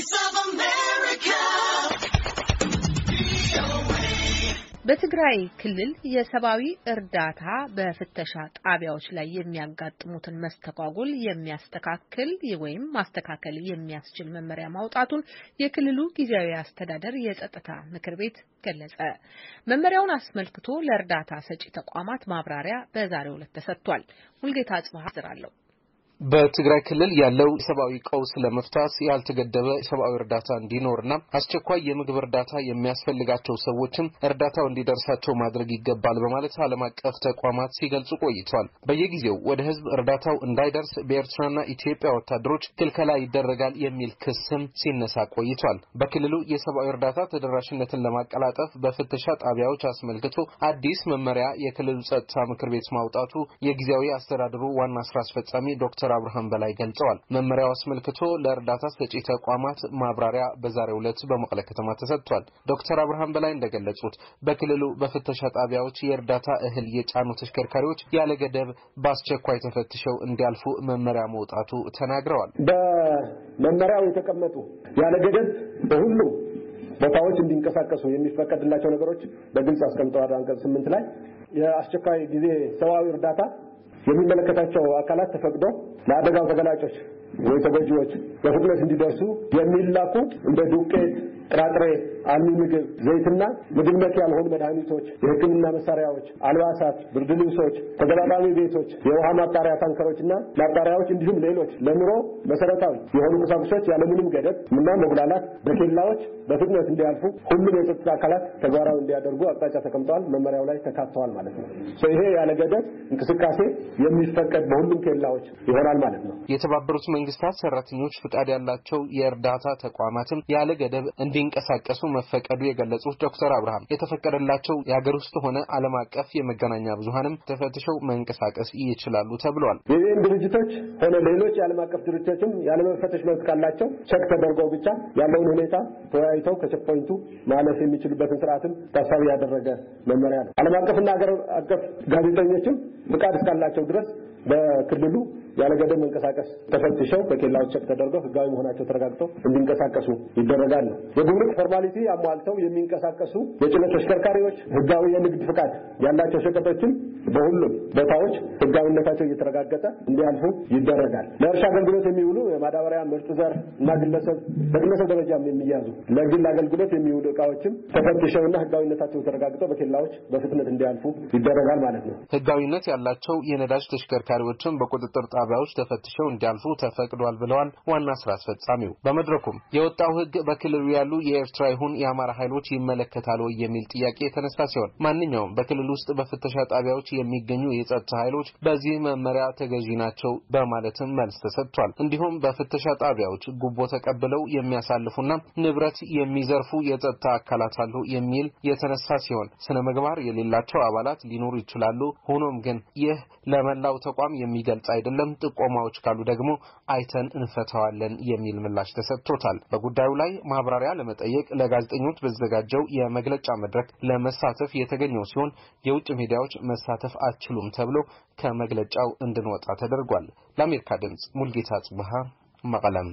Voice of America. በትግራይ ክልል የሰብአዊ እርዳታ በፍተሻ ጣቢያዎች ላይ የሚያጋጥሙትን መስተጓጎል የሚያስተካክል ወይም ማስተካከል የሚያስችል መመሪያ ማውጣቱን የክልሉ ጊዜያዊ አስተዳደር የጸጥታ ምክር ቤት ገለጸ። መመሪያውን አስመልክቶ ለእርዳታ ሰጪ ተቋማት ማብራሪያ በዛሬው ዕለት ተሰጥቷል። ሙልጌታ ጽባህ ዝራለሁ በትግራይ ክልል ያለው ሰብአዊ ቀውስ ለመፍታት ያልተገደበ ሰብአዊ እርዳታ እንዲኖርና አስቸኳይ የምግብ እርዳታ የሚያስፈልጋቸው ሰዎችም እርዳታው እንዲደርሳቸው ማድረግ ይገባል በማለት ዓለም አቀፍ ተቋማት ሲገልጹ ቆይቷል። በየጊዜው ወደ ህዝብ እርዳታው እንዳይደርስ በኤርትራና ኢትዮጵያ ወታደሮች ክልከላ ይደረጋል የሚል ክስም ሲነሳ ቆይቷል። በክልሉ የሰብአዊ እርዳታ ተደራሽነትን ለማቀላጠፍ በፍተሻ ጣቢያዎች አስመልክቶ አዲስ መመሪያ የክልሉ ጸጥታ ምክር ቤት ማውጣቱ የጊዜያዊ አስተዳደሩ ዋና ስራ አስፈጻሚ ዶክተር ዶክተር አብርሃም በላይ ገልጸዋል። መመሪያው አስመልክቶ ለእርዳታ ሰጪ ተቋማት ማብራሪያ በዛሬው ዕለት በመቀለ ከተማ ተሰጥቷል። ዶክተር አብርሃም በላይ እንደገለጹት በክልሉ በፍተሻ ጣቢያዎች የእርዳታ እህል የጫኑ ተሽከርካሪዎች ያለ ገደብ በአስቸኳይ ተፈትሸው እንዲያልፉ መመሪያ መውጣቱ ተናግረዋል። በመመሪያው የተቀመጡ ያለ ገደብ በሁሉም ቦታዎች እንዲንቀሳቀሱ የሚፈቀድላቸው ነገሮች በግልጽ አስቀምጠዋል። አንቀጽ ስምንት ላይ የአስቸኳይ ጊዜ ሰብአዊ እርዳታ የሚመለከታቸው አካላት ተፈቅዶ ለአደጋው ተገላጮች ወይ ተጎጂዎች በፍጥነት እንዲደርሱ የሚላኩ እንደ ዱቄት፣ ጥራጥሬ አልሚ ምግብ፣ ዘይትና ምግብ ያልሆኑ መድኃኒቶች፣ የህክምና መሳሪያዎች፣ አልባሳት፣ ብርድ ልብሶች፣ ተገጣጣሚ ቤቶች፣ የውሃ ማጣሪያ ታንከሮችና ማጣሪያዎች እንዲሁም ሌሎች ለኑሮ መሰረታዊ የሆኑ ቁሳቁሶች ያለምንም ገደብ እና መጉላላት በኬላዎች በፍጥነት እንዲያልፉ ሁሉም የጸጥታ አካላት ተግባራዊ እንዲያደርጉ አቅጣጫ ተቀምጠዋል፣ መመሪያው ላይ ተካተዋል ማለት ነው። ይሄ ያለ ገደብ እንቅስቃሴ የሚፈቀድ በሁሉም ኬላዎች ይሆናል ማለት ነው። የተባበሩት መንግስታት ሰራተኞች ፍቃድ ያላቸው የእርዳታ ተቋማትም ያለ ገደብ እንዲንቀሳቀሱ መፈቀዱ የገለጹት ዶክተር አብርሃም የተፈቀደላቸው የሀገር ውስጥ ሆነ ዓለም አቀፍ የመገናኛ ብዙሀንም ተፈትሸው መንቀሳቀስ ይችላሉ ተብሏል። የዩኤን ድርጅቶች ሆነ ሌሎች የዓለም አቀፍ ድርጅቶችም ያለመፈተሽ መብት ካላቸው ቸክ ተደርገው ብቻ ያለውን ሁኔታ ተወያይተው ከቸክ ማለፍ የሚችሉበትን ስርዓትም ታሳቢ ያደረገ መመሪያ ነው። ዓለም አቀፍና ሀገር አቀፍ ጋዜጠኞችም ፍቃድ እስካላቸው ድረስ በክልሉ ያለ ገደብ መንቀሳቀስ ተፈትሸው በኬላዎች ቸክ ተደርገው ህጋዊ መሆናቸው ተረጋግጦ እንዲንቀሳቀሱ ይደረጋል። የጉምሩክ ፎርማሊቲ አሟልተው የሚንቀሳቀሱ የጭነት ተሽከርካሪዎች ህጋዊ የንግድ ፍቃድ ያላቸው ሸቀጦችን በሁሉም ቦታዎች ህጋዊነታቸው እየተረጋገጠ እንዲያልፉ ይደረጋል። ለእርሻ አገልግሎት የሚውሉ የማዳበሪያ ምርጥ ዘር እና ግለሰብ በግለሰብ ደረጃም የሚያዙ ለግል አገልግሎት የሚውሉ እቃዎችም ተፈትሸውና ህጋዊነታቸው ተረጋግጠው በኬላዎች በፍጥነት እንዲያልፉ ይደረጋል ማለት ነው። ህጋዊነት ያላቸው የነዳጅ ተሽከርካሪዎችን በቁጥጥር ጣቢያዎች ተፈትሸው እንዲያልፉ ተፈቅዷል ብለዋል ዋና ስራ አስፈጻሚው። በመድረኩም የወጣው ህግ በክልሉ ያሉ የኤርትራ ይሁን የአማራ ኃይሎች ይመለከታል ወይ የሚል ጥያቄ የተነሳ ሲሆን ማንኛውም በክልል ውስጥ በፍተሻ ጣቢያዎች የሚገኙ የጸጥታ ኃይሎች በዚህ መመሪያ ተገዢ ናቸው በማለትም መልስ ተሰጥቷል። እንዲሁም በፍተሻ ጣቢያዎች ጉቦ ተቀብለው የሚያሳልፉና ንብረት የሚዘርፉ የጸጥታ አካላት አሉ የሚል የተነሳ ሲሆን ስነ ምግባር የሌላቸው አባላት ሊኖሩ ይችላሉ። ሆኖም ግን ይህ ለመላው ተቋም የሚገልጽ አይደለም። ሌላም ጥቆማዎች ካሉ ደግሞ አይተን እንፈተዋለን የሚል ምላሽ ተሰጥቶታል። በጉዳዩ ላይ ማብራሪያ ለመጠየቅ ለጋዜጠኞች በተዘጋጀው የመግለጫ መድረክ ለመሳተፍ የተገኘው ሲሆን የውጭ ሚዲያዎች መሳተፍ አትችሉም ተብሎ ከመግለጫው እንድንወጣ ተደርጓል። ለአሜሪካ ድምጽ ሙልጌታ ጽብሃ መቀለም